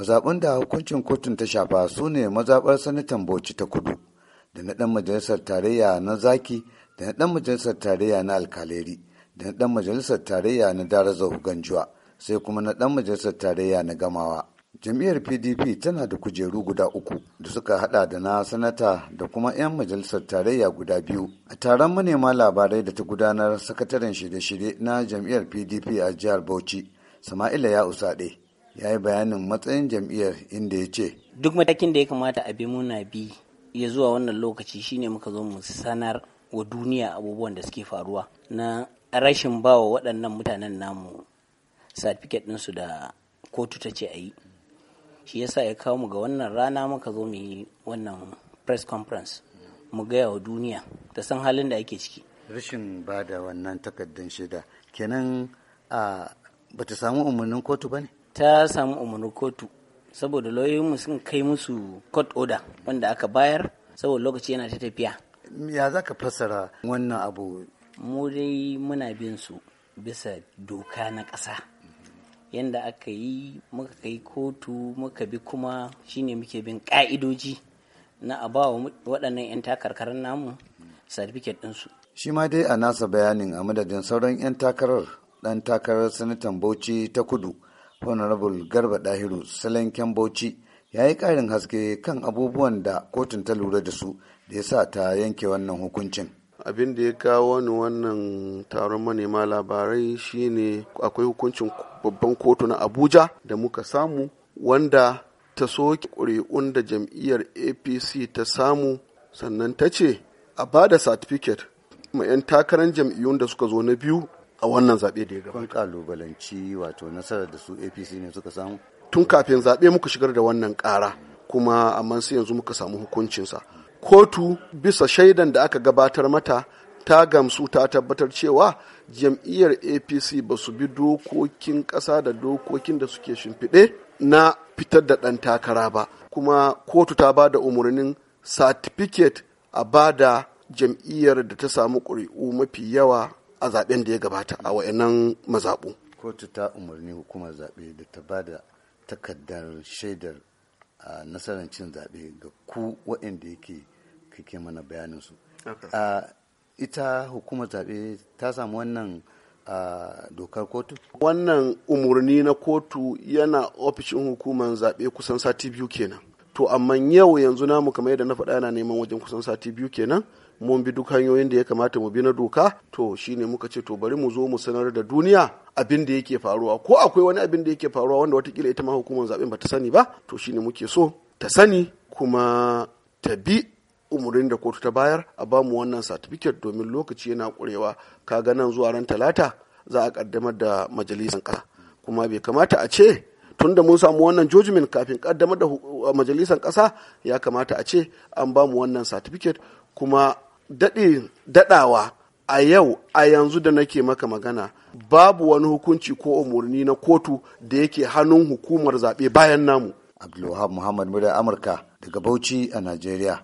Mazaɓin da hukuncin kotun ta shafa su ne mazaɓar sanatan Bauchi ta kudu da na ɗan majalisar tarayya na zaki da na ɗan majalisar tarayya na alkaleri da na ɗan majalisar tarayya na darazau ganjuwa sai kuma na ɗan majalisar tarayya na gamawa. Jam'iyyar PDP tana da kujeru guda uku da suka hada da na sanata da kuma 'yan majalisar tarayya guda biyu. A taron manema labarai da ta gudanar sakataren shirye-shirye na jam'iyyar PDP a jihar Bauchi, Sama'ila ya usaɗe. ya yi bayanin matsayin jam'iyyar inda ya ce duk matakin da ya kamata a bi muna bi ya zuwa wannan lokaci shine muka zo mu sanar wa duniya abubuwan da suke faruwa na rashin bawa waɗannan mutanen namu certificate ɗinsu da kotu ta ce a yi shi yasa ya kawo mu ga wannan rana muka zo mu yi wannan press conference mu gaya wa duniya ta san halin da ake ciki rashin bada wannan takardun shida kenan a bata samu umarnin kotu ba ne ta samu umarnin kotu saboda lauyoyinmu sun kai musu court order wanda aka bayar saboda lokaci yana ta tafiya ya za ka fassara wannan abu mu dai muna bin su bisa doka na ƙasa yadda aka yi muka kai kotu muka bi kuma shine muke bin ƙa'idoji na abawa waɗannan 'yan takarkarar namu certificate ɗinsu shi ma dai a nasa bayanin a madadin sauran 'yan takarar ɗan takarar sanatan bauchi ta kudu honorable garba dahiru salen bauchi ya yi ƙarin haske kan abubuwan da kotun ta lura da su da ya sa ta yanke wannan hukuncin abin da ya kawo ni wannan taron manema labarai shine akwai hukuncin babban kotu na abuja da muka samu wanda ta soke ƙuri'un da jam'iyyar apc ta samu sannan ta ce a ba da satifiket ma 'yan takarar jam'iyyun da suka zo na biyu a wannan zaɓe da ya gaba. Kun kalubalanci wato nasarar da su APC ne suka samu? Tun kafin zaɓe muka shigar da wannan ƙara kuma amma sai yanzu muka samu hukuncinsa. Kotu bisa shaidan da aka gabatar mata ta gamsu ta tabbatar cewa jam'iyyar APC ba su bi dokokin ƙasa da dokokin da suke shimfiɗe na fitar da ɗan takara ba. Kuma kotu ta ba da umarnin satifiket a ba da jam'iyyar da ta samu ƙuri'u mafi yawa a zaben da ya gabata a wayannan mazaɓu. kotu ta umarni hukumar zaɓe da ta ba da takardar shaidar a nasarar cin zaɓe ga ku waɗanda yake kake mana bayanin su ita hukumar zaɓe ta samu wannan a dokar kotu? Wannan umarni na kotu yana ofishin hukumar zaɓe kusan sati biyu kenan. to amma yau yanzu namu kamar yadda na faɗa yana neman wajen kusan sati biyu kenan mun bi duk hanyoyin da ya kamata mu bi na doka to shine muka ce to bari mu zo mu sanar da duniya abin da yake faruwa ko akwai wani abin da yake faruwa wanda watakila ita ma hukumar ba ta sani ba to shine muke so ta sani kuma ta bi umarnin da kotu ta bayar a ba mu wannan satifiket domin lokaci yana kurewa kaga nan zuwa ran talata za a kaddamar da majalisan kasa kuma bai kamata a ce tun da mun samu wannan judgment kafin kaddamar da uh, majalisar kasa ya kamata a ce an ba mu wannan satifiket kuma daɗe daɗawa a yau a yanzu da nake maka magana babu wani hukunci ko umarni na kotu da yake hannun hukumar zaɓe bayan namu. Abdulwahab Muhammad Murya Amurka daga Bauchi a Najeriya.